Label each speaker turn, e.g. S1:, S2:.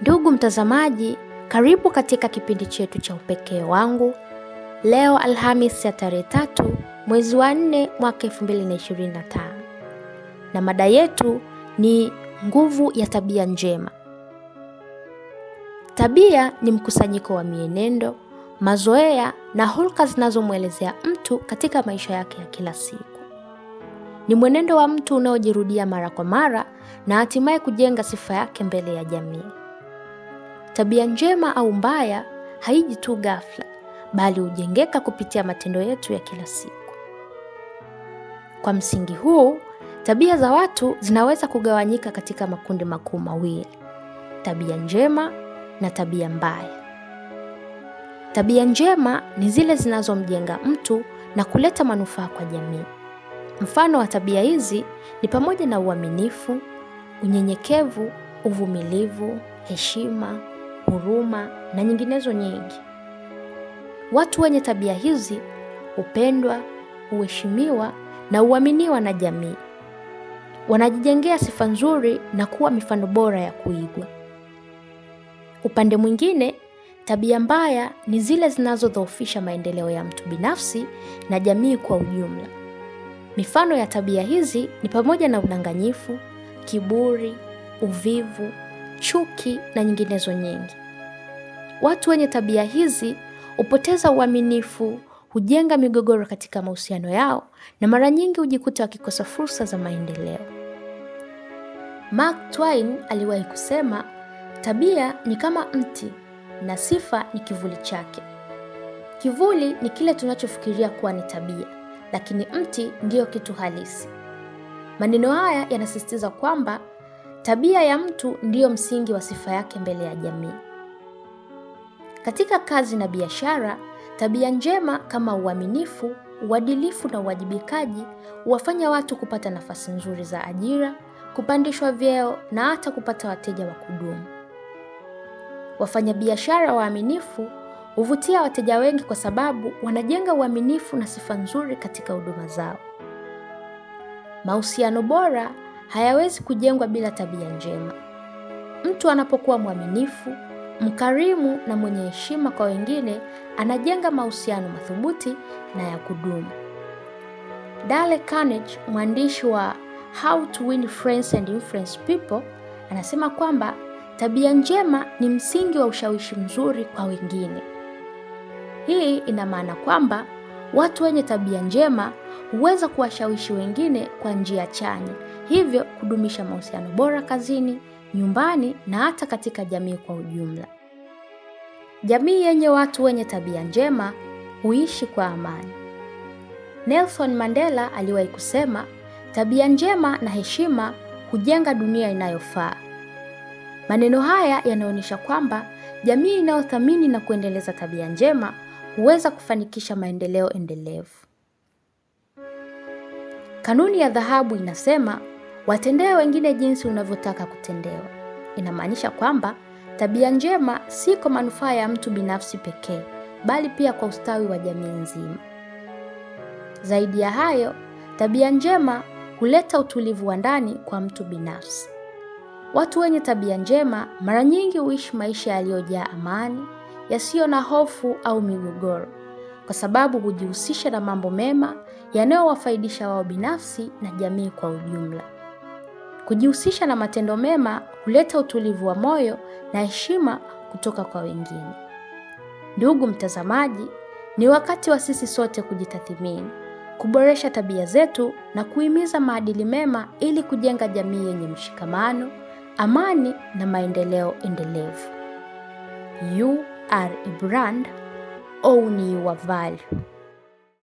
S1: Ndugu mtazamaji, karibu katika kipindi chetu cha Upekee wangu leo Alhamis ya tarehe tatu mwezi wa nne mwaka tano na mada yetu ni nguvu ya tabia njema. Tabia ni mkusanyiko wa mienendo, mazoea na hulka zinazomwelezea mtu katika maisha yake ya kila siku. Ni mwenendo wa mtu unaojirudia mara kwa mara na hatimaye kujenga sifa yake mbele ya jamii. Tabia njema au mbaya haiji tu ghafla, bali hujengeka kupitia matendo yetu ya kila siku. Kwa msingi huu, tabia za watu zinaweza kugawanyika katika makundi makuu mawili: tabia njema na tabia mbaya. Tabia njema ni zile zinazomjenga mtu na kuleta manufaa kwa jamii. Mfano wa tabia hizi ni pamoja na uaminifu, unyenyekevu, uvumilivu, heshima huruma na nyinginezo nyingi. Watu wenye tabia hizi hupendwa, huheshimiwa na huaminiwa na jamii. Wanajijengea sifa nzuri na kuwa mifano bora ya kuigwa. Upande mwingine, tabia mbaya ni zile zinazodhoofisha maendeleo ya mtu binafsi na jamii kwa ujumla. Mifano ya tabia hizi ni pamoja na udanganyifu, kiburi, uvivu chuki na nyinginezo nyingi. Watu wenye tabia hizi hupoteza uaminifu, hujenga migogoro katika mahusiano yao na mara nyingi hujikuta wakikosa fursa za maendeleo. Mark Twain aliwahi kusema, tabia ni kama mti na sifa ni kivuli chake. Kivuli ni kile tunachofikiria kuwa ni tabia, lakini mti ndiyo kitu halisi. Maneno haya yanasisitiza kwamba Tabia ya mtu ndiyo msingi wa sifa yake mbele ya jamii. Katika kazi na biashara, tabia njema kama uaminifu, uadilifu na uwajibikaji huwafanya watu kupata nafasi nzuri za ajira, kupandishwa vyeo na hata kupata wateja wa kudumu. Wafanyabiashara waaminifu huvutia wateja wengi kwa sababu wanajenga uaminifu na sifa nzuri katika huduma zao. Mahusiano bora hayawezi kujengwa bila tabia njema. Mtu anapokuwa mwaminifu, mkarimu na mwenye heshima kwa wengine, anajenga mahusiano madhubuti na ya kudumu. Dale Carnegie, mwandishi wa How to Win Friends and Influence People, anasema kwamba tabia njema ni msingi wa ushawishi mzuri kwa wengine. Hii ina maana kwamba watu wenye tabia njema huweza kuwashawishi wengine kwa njia chanya hivyo kudumisha mahusiano bora kazini, nyumbani na hata katika jamii kwa ujumla. Jamii yenye watu wenye tabia njema huishi kwa amani. Nelson Mandela aliwahi kusema, tabia njema na heshima hujenga dunia inayofaa. Maneno haya yanaonyesha kwamba jamii inayothamini na kuendeleza tabia njema huweza kufanikisha maendeleo endelevu. Kanuni ya dhahabu inasema Watendee wengine jinsi unavyotaka kutendewa. Inamaanisha kwamba tabia njema si kwa manufaa ya mtu binafsi pekee, bali pia kwa ustawi wa jamii nzima. Zaidi ya hayo, tabia njema huleta utulivu wa ndani kwa mtu binafsi. Watu wenye tabia njema mara nyingi huishi maisha yaliyojaa amani, yasiyo na hofu au migogoro, kwa sababu hujihusisha na mambo mema yanayowafaidisha wao binafsi na jamii kwa ujumla. Kujihusisha na matendo mema huleta utulivu wa moyo na heshima kutoka kwa wengine. Ndugu mtazamaji, ni wakati wa sisi sote kujitathimini, kuboresha tabia zetu na kuhimiza maadili mema ili kujenga jamii yenye mshikamano, amani na maendeleo endelevu. You are a brand, own your value.